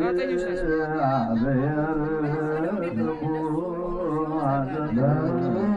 ጋር mm. ነው።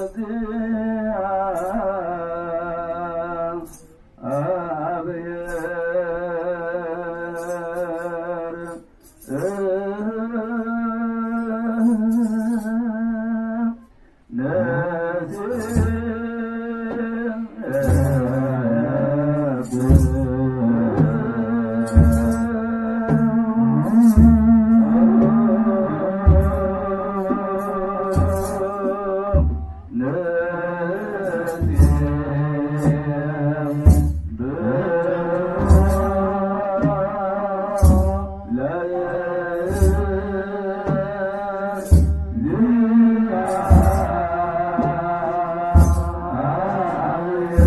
love him.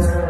Lord.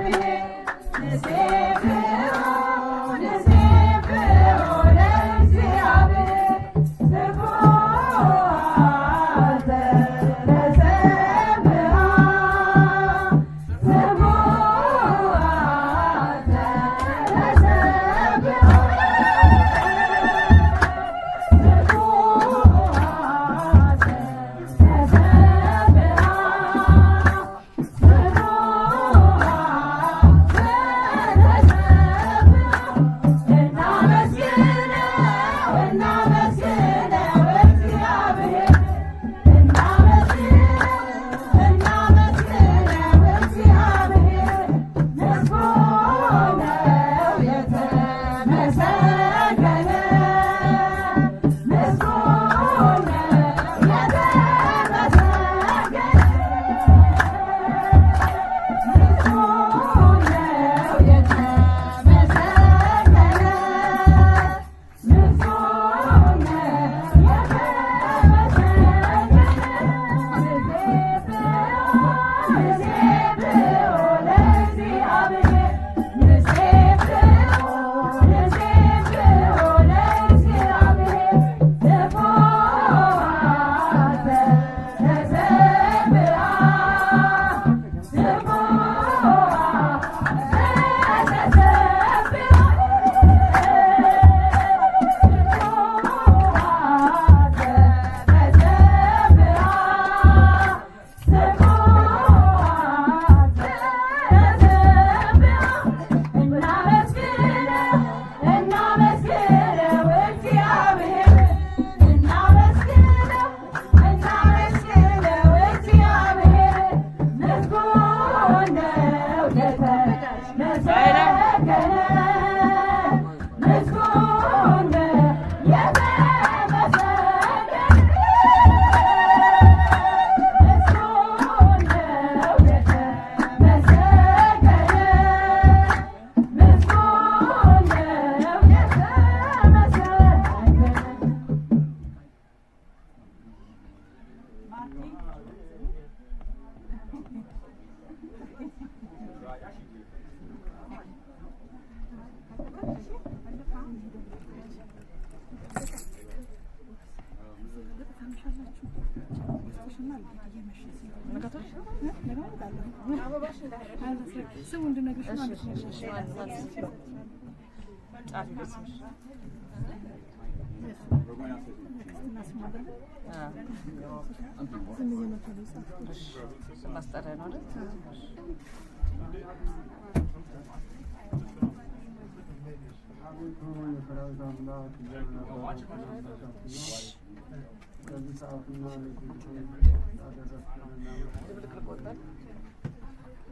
Amen.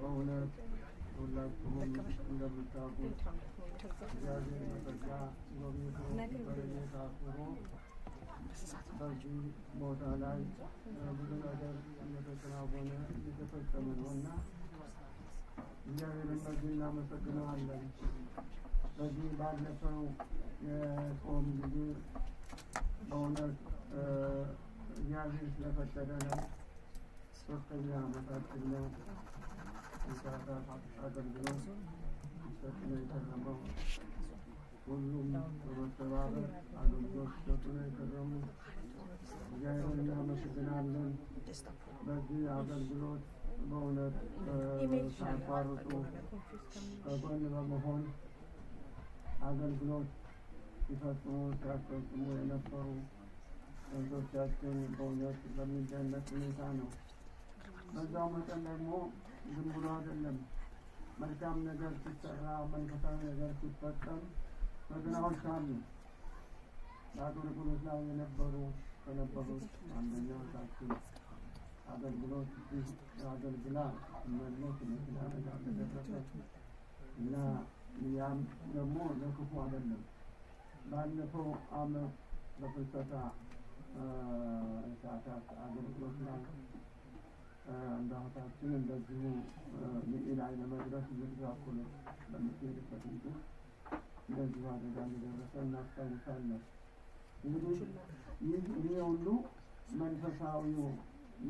በእውነት ሁላችሁም እንደምታውቁት እግዚአብሔር በጸጋ ጎብኝቶ በረድኤት ቦታ ላይ ብዙ ነገር እንደተከናወነ እየተፈጸመ ነው እና እግዚአብሔርን በዚህ እናመሰግነዋለን። በዚህ ባለፈው የጾም ጊዜ በእውነት እግዚአብሔር ስለፈቀደ ነው። ሶስተኛ ዓመታችን ነው። አገልግሎቱ ሲሰጡን ሁሉም በመተባበር አገልግሎት ሲሰጡን አገልግሎት በእውነት ሳያቋርጡ ከጎን በመሆን አገልግሎት ሲፈጽሙ ሲያስፈጽሙ የነበሩ እህቶቻችን በእውነት በሚደነቅ ሁኔታ ነው። መጠን ደግሞ ዝም ብሎ አይደለም። መልካም ነገር ሲሰራ፣ መንፈሳዊ ነገር ሲፈጸም ፈተናዎች አሉ። በአገልግሎት ላይ የነበሩ ከነበሩት አንደኛው ሳችን አገልግሎት አገልግላ መኖት መኪና እና ያም ደግሞ ለክፉ አይደለም። ባለፈው አመት በፍልሰታ ሰዓታት አገልግሎት ላይ እንደ አባታችን እንደዚሁ ሚኢል አይነ መድረስ ዝግዛኩል በምትሄድበት ጊዜ እንደዚሁ አደጋ እንደደረሰ እናስታውሳለን። እንግዲህ ይህ ይህ ሁሉ መንፈሳዊው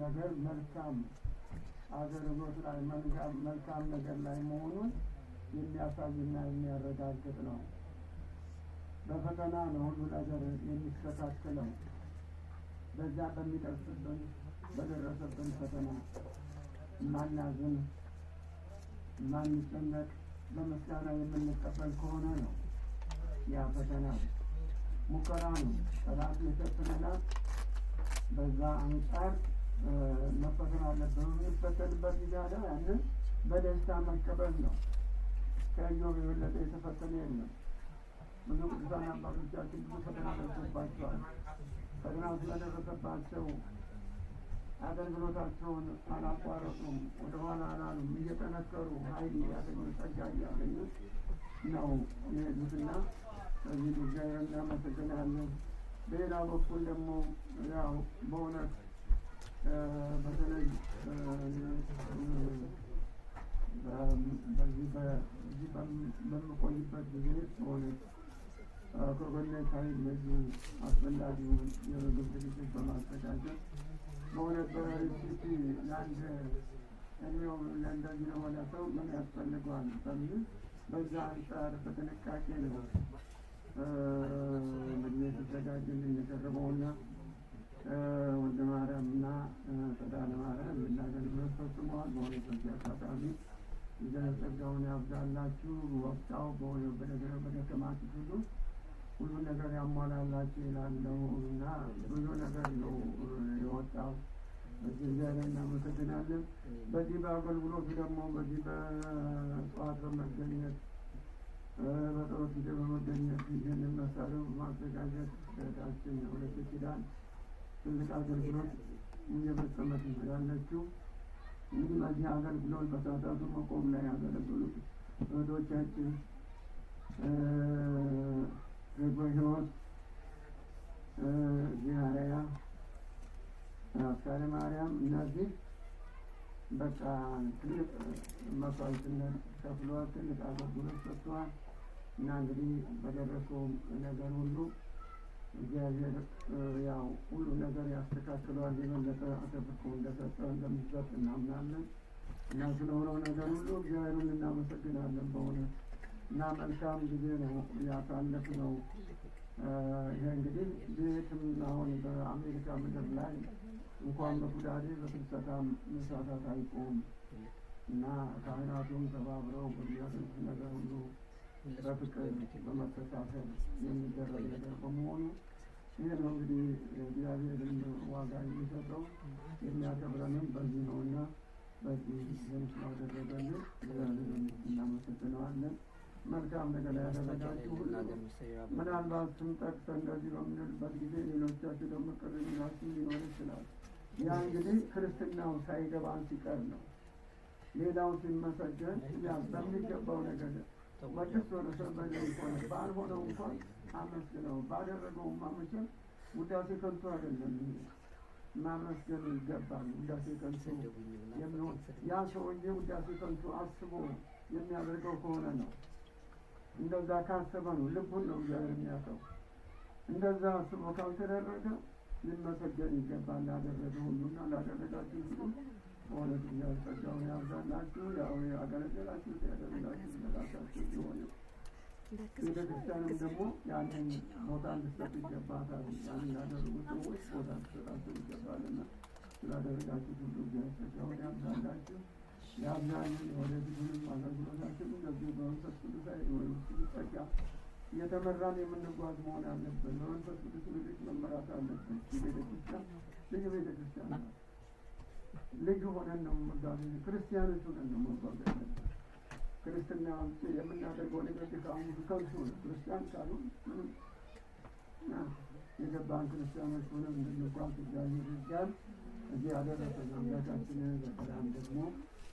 ነገር መልካም አገልግሎት ላይ መልካም ነገር ላይ መሆኑን የሚያሳይና የሚያረጋግጥ ነው። በፈተና ነው ሁሉ ነገር የሚስተካከለው በዛ በሚደርስብን በደረሰብን ፈተና ማናዝን ማንጨነቅ በምስጋና የምንቀበል ከሆነ ነው። ያ ፈተና ሙከራ ነው። ጠላት የሰጥንላት በዛ አንጻር መፈተን አለብህ። የሚፈተንበት ያንን በደስታ መቀበል ነው። ከእዮብ የበለጠ የተፈተነ የለም። ብዙ ቅዱሳን አባቶቻችን ብዙ ፈተና ደርሶባቸዋል። ፈተና ስለደረሰባቸው አገልግሎታቸውን አላቋረጡም፣ ወደ ኋላ አላሉም። እየጠነከሩ ኃይል ያገኙ ጸጋ እያገኙ ነው የሄዱትና በዚህ ጉዳይ እናመሰግናለን። በሌላ በኩል ደግሞ ያው በእውነት በተለይ በዚህ በምቆይበት ጊዜ ሆነች ከጎኔ ሳይለዩ አስፈላጊውን የምግብ ዝግጅት በማዘጋጀት በእውነት በሌሊት ፊት ለአንድ እድሜው እንደዚህ ለሆነ ሰው ምን ያስፈልገዋል በሚል በዛ አንጻር በጥንቃቄ ነው ምድሜ ሲዘጋጅልኝ የቀረበውና ወልደ ማርያምና ጸዳለ ማርያም የምናገልግሎት ፈጽመዋል። በእውነት በዚህ አጋጣሚ እግዚአብሔር ጸጋውን ያብዛላችሁ። ወቅታው በደከማችሁ ሁሉ ሁሉ ነገር ያሟላላችሁ ይላለው እና ብዙ ነገር ነው የወጣው። በዚህ እግዚአብሔር እናመሰግናለን። በዚህ በአገልግሎቱ ደግሞ በዚህ በጠዋት በመገኘት በጠሮት ጊዜ በመገኘት ይህንን መሳሪያ በማዘጋጀት ታችን ሁለት ኪዳን ትልቅ አገልግሎት እየፈጸመት ያለችው እንግዲህ በዚህ አገልግሎት በሳታቱ መቆም ላይ ያገለግሉት እህቶቻችን ሪፖርሽኖች ዚሃሪያ አስካሪ ማርያም እነዚህ በቃ ትልቅ መስዋዕትነት ከፍሏል። ትልቅ አገልግሎት ሰጥተዋል እና እንግዲህ በደረሰው ነገር ሁሉ እግዚአብሔር ያው ሁሉ ነገር ያስተካክለዋል። የበለጠ አተብኮ እንደሰጠ እንደሚሰጥ እናምናለን እና ስለሆነው ነገር ሁሉ እግዚአብሔርን እናመሰግናለን በእውነት እና መልካም ጊዜ ነው ያሳለፍ ነው። ይሄ እንግዲህ ቤትም አሁን በአሜሪካ ምድር ላይ እንኳን በጉዳዴ በፍልሰታም መሳሳት አይቆም እና ካህናቱም ተባብረው በሚያደርጉት ነገር ሁሉ በፍቅር በመተሳሰብ የሚደረግ ነገር በመሆኑ ይህ ነው እንግዲህ እግዚአብሔርን ዋጋ የሚሰጠው የሚያከብረንም በዚህ ነው እና በዚህ ዘምስ ያደረገልን እግዚአብሔርን እናመሰግነዋለን። መልካም ነገር ያደረጋችሁ ሁሉ ምናልባት ጠቅሰ እንደዚህ በምንልበት ጊዜ ሌሎቻችሁ ደግሞ ቅር የሚላችሁ ሊኖር ይችላል። ያ እንግዲህ ክርስትናው ሳይገባን ሲቀር ነው። ሌላው ሲመሰገን ያ በሚገባው ነገር መንግስት ሆነ ሰበለ እንኳን ባልሆነው እንኳን አመስግነው ባደረገው ማመቸን ውዳሴ ከንቱ አይደለም። ማመስገን ይገባል። ውዳሴ ከንቱ የሚሆን ያ ሰውዬ ውዳሴ ከንቱ አስቦ የሚያደርገው ከሆነ ነው። እንደዛ ካሰበ ነው ልቡን ነው እግዚአብሔር የሚያውቀው። እንደዛ አስቦ ካልተደረገ ሊመሰገን ይገባል። ላደረገ ሁሉና ላደረጋችሁ ሁሉ በእውነት እግዚአብሔር ያብዛላችሁ። ያው አገለገላችሁ ያደረጋችሁ ዘላሳችሁ ሲሆን ቤተ ክርስቲያንም ደግሞ ያንን ቦታ እንድሰጡ ይገባታል። ያን ያደረጉ ሰዎች ቦታ እንድሰጣቸው ይገባልና ስላደረጋችሁ ሁሉ እግዚአብሔር ያብዛላችሁ። የአብዛኛውን የወደፊቱንም አገልግሎታችንን በዚሁ በመንፈስ ቅዱሳዊ ወይም ጸጋ እየተመራን የምንጓዝ መሆን አለብን። በመንፈስ ቅዱስ ልጆች መመራት አለብን። ቤተክርስቲያን ልዩ ቤተክርስቲያን ልዩ ሆነን ነው መጓዝ፣ ክርስቲያኖች ሆነን ነው መጓዝ ያለብን። ክርስትና የምናደርገው ነገር ድካሙ ከንቱ ነው። ክርስቲያን ካሉ የገባን ክርስቲያኖች ሆነን እንድንጓዝ እግዚአብሔር ይርዳን። እዚህ ያደረሰ አምላካችንን በሰላም ደግሞ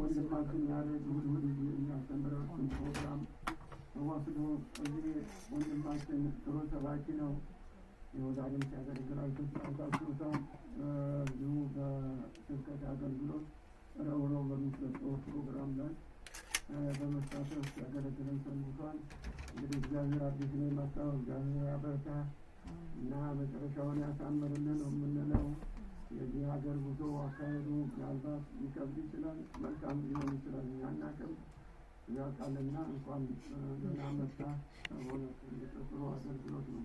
ወንድማችን ያሬድ እሑድ እሑድ የሚያስተምራችን ፕሮግራም ተወስዶ እዚህ ወንድማችን ጥሩ ሰባኪ ነው። የወዳድም ሲያገለግላቸው ስላውቃችሁታ እዚሁ በስብከት አገልግሎት ረውሮ በሚሰጠው ፕሮግራም ላይ በመሳተፍ ሲያገለግለን ሰንብቷል። እንግዲህ እግዚአብሔር አዲስ ነው የመጣው። እግዚአብሔር ያበርታ እና መጨረሻውን ያሳምርልን የምንለው የዚህ ሀገር ጉዞ አካሄዱ ምናልባት ሊከብድ ይችላል፣ መልካም ሊሆን ይችላል። ያናቅም ያውቃልና እንኳን ገና መታ ሆነ ጥሩ አገልግሎት ነው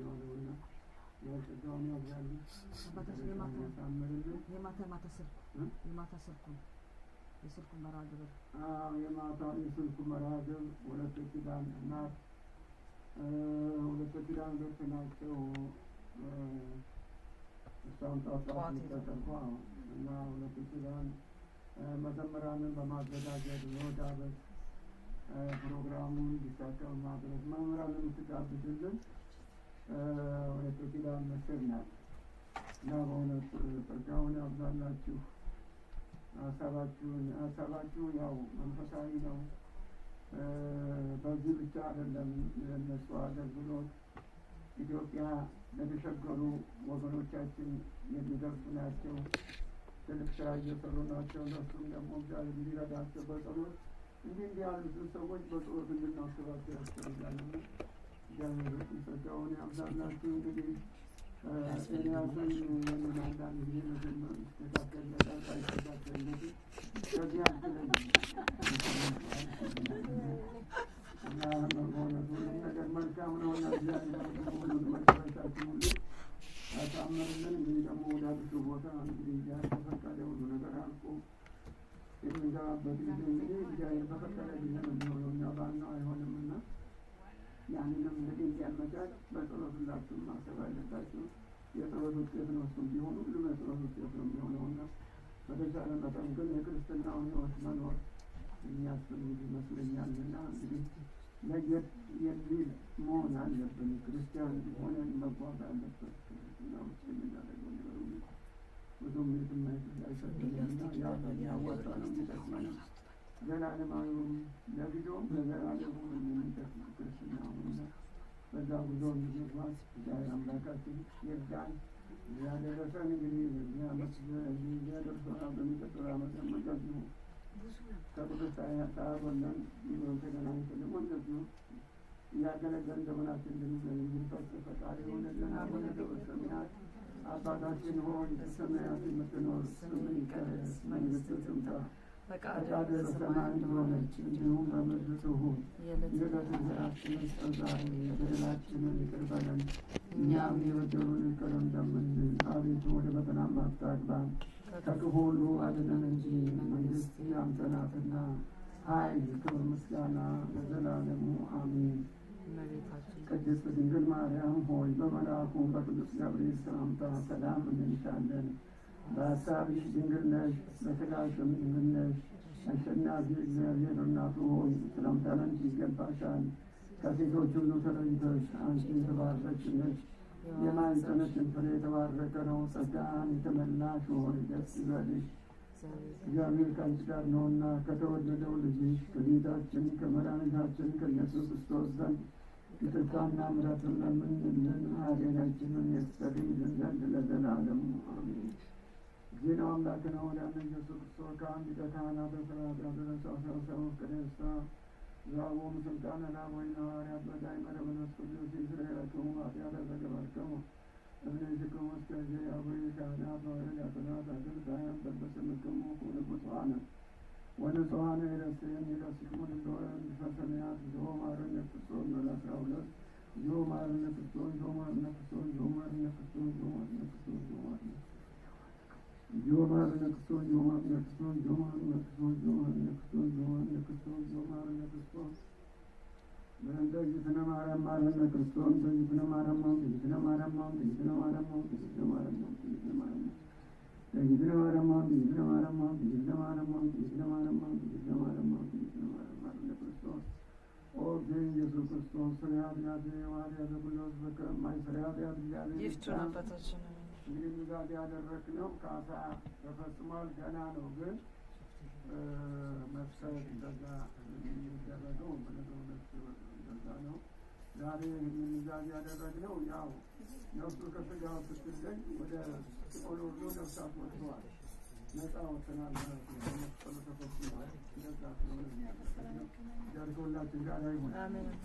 የሆነውና የቅዳውን ያብዛል የማታ ስልኩ የማታ ስልኩ የስልኩ መርሃ ግብር የማታ የስልኩ መርሃ ግብር ሁለቱ ኪዳን እናት ሁለት ኪዳን ናቸው። እሷም ጠዋት ተጠርቋ እና ሁለቱ ኪዳን መዘምራንን በማዘጋጀት በወዳበት ፕሮግራሙን እንዲሳካ ማድረግ መምህራን የምትጋብዝልን ሁለቱ ኪዳን ምስር ናት እና በእውነት ጸጋውን ያብዛላችሁ። ሀሳባችሁን ሀሳባችሁ ያው መንፈሳዊ ነው። በዚህ ብቻ አይደለም የእነሱ አገልግሎት ኢትዮጵያ ለተቸገሩ ወገኖቻችን የሚደርሱ ናቸው። ትልቅ ስራ እየሰሩ ናቸው። እነሱም ደግሞ እግዚአብሔር እንዲረዳቸው በጸሎት እንዲህ እንዲህ ያሉትን ሰዎች በጸሎት እንድናስባቸው ያስፈልጋል። እግዚአብሔር ጸጋውን ያብዛላችሁ። እንግዲህ ኤልያስን ወይም ጊዜ መጀመር ተካከል ነጣ ሳይተካከል ከዚያ በምንኖርበት ጊዜ እንግዲህ እግዚአብሔር በፈቀደልን ነው የሚሆነው እኛ ባልነው አይሆንም እና ያንንም እንግዲህ እንዲያመቻች በጸሎት ሁላችሁም ማሰብ አለባችሁ። የጸሎት ውጤት ነው እሱም ቢሆን ሁሉም የጸሎት ውጤት ነው የሚሆነው እና በተቻለ መጠን ግን የክርስትናውን ሕይወት መኖር የሚያስፈልግ ይመስለኛል እና እንግዲህ ለየት የሚል መሆን አለብን። ክርስቲያን ሆነን መጓዝ አለበት። ክርስትና ውስጥ የምናደርገው ነገር ዘላለማዊ ለጊዜውም ለዘላለሙ የምንጠቅምበት ነውና በዛ ጉዞ እንድንጓዝ ዛሬ አምላካችን ይርዳን። ያደረሰን እንግዲህ በዚህ ዓመት ያደርሰና በሚቀጥለው ዓመት እንደዚሁ ከቅዱስ ታቦናን ተገናኝተን ደግሞ እንደዚሁ እያገለገልን ዘመናችን እንድንፈጽም ፈጣሪ ሆነልን አቡነ ዘበሰማያት አባታችን ሆይ በሰማያት የምትኖር ስምህ ይቀደስ፣ መንግሥትህ ትምጣ፣ ፈቃድህ በሰማይ እንደሆነች እንዲሁም በምድር ትሁን። የዕለት እንጀራችንን ስጠን ዛሬ፣ በደላችንን ይቅር በለን እኛም የበደሉንን ይቅር እንደምንል። አቤቱ ወደ ፈተና አታግባን፣ ከክፉ ሁሉ አድነን እንጂ መንግሥት ያንተ ናትና ኃይል፣ ክብር፣ ምስጋና ለዘላለም ቅድስት ድንግል ማርያም ሆይ በመልአኩ በቅዱስ ገብርኤል ሰላምታ ሰላም እንልሻለን። በሀሳብሽ ድንግል ነሽ፣ በሥጋሽም ድንግል ነሽ። አሸናፊ እግዚአብሔር እናቱ ሆይ ሰላምታ ይገባሻል። ከሴቶች ሁሉ ተለይተሽ አንቺ የተባረክሽ ነሽ። የማኅፀንሽን ፍሬ የተባረከ ነው። ጸጋን የተመላሽ ሆይ ደስ ይበልሽ፣ እግዚአብሔር ከአንቺ ጋር ነውና ከተወደደው ልጅሽ ከጌታችን ከመድኃኒታችን ከኢየሱስ ክርስቶስ ዘንድ ይቅርታና ምሕረትን ለምንልን ኃጢአታችንን ያስተሰርይ ዘንድ ለዘላለሙ አሜን። ዜና አምላክን ወዳነ ኢየሱስ ክርስቶስ ከአንድ ከካህናት ስርዓት ያደረሰው ሰው ሰው ቅደሳ ዛቦም ስልጣነ ላቦይ ሐዋርያት በዳይ መረመኖስ ቅዱስ ይስረያቸው ኃጢአተ ዘገባቸው እብኔሽክሙ እስከ ዜ አቦይ ካህናት ወረድ ያጥናት አገልጋያን በበስምክሙ ኩንቁ ሰዋነ ወንጽዋነ የደሴን የደስሙ ድንዶረን ፈሰንያት ዞ ማረን የፍሶን በለስራ ሁለት ዞ ማረን የፍሶን ዞ ማረን የፍሶን ዞ ማረን የፍሶን ዞ ማረን የፍሶን ዞ ማረን ዞ ማረን የፍሶን ዞ ማረን የፍሶን ዞ ማረን የፍሶን ዞ ማረን የፍሶን ዞ ማረን የፍሶን ዞ ማረን የፍሶን በእንተይትነ ማርያም ማረነ ክርስቶን ተይትነ ማርያም ማም ተይትነ ማርያም ማም ተይትነ ማርያም ማም ተይትነ ማርያም ማም ተይትነ ማርያም ማም እንግዲህ ብዛት ያደረግነው ካሳ ተፈጽሟል። ገና ነው ግን መፍሰል እንደዛ የሚደረገው ነው። ዛሬ እንግዲህ ምዛዝ ያደረግነው ያው ነፍሱ ከስጋው ስትለይ ወደ ሲኦል ወርዶ ነፍሳት ወጥተዋል፣ ነፃ ወጥተናል ማለት ነው። መስቀሉ ተፈጽሟል። እንደዛ ስለሆነ ጋር አይሆን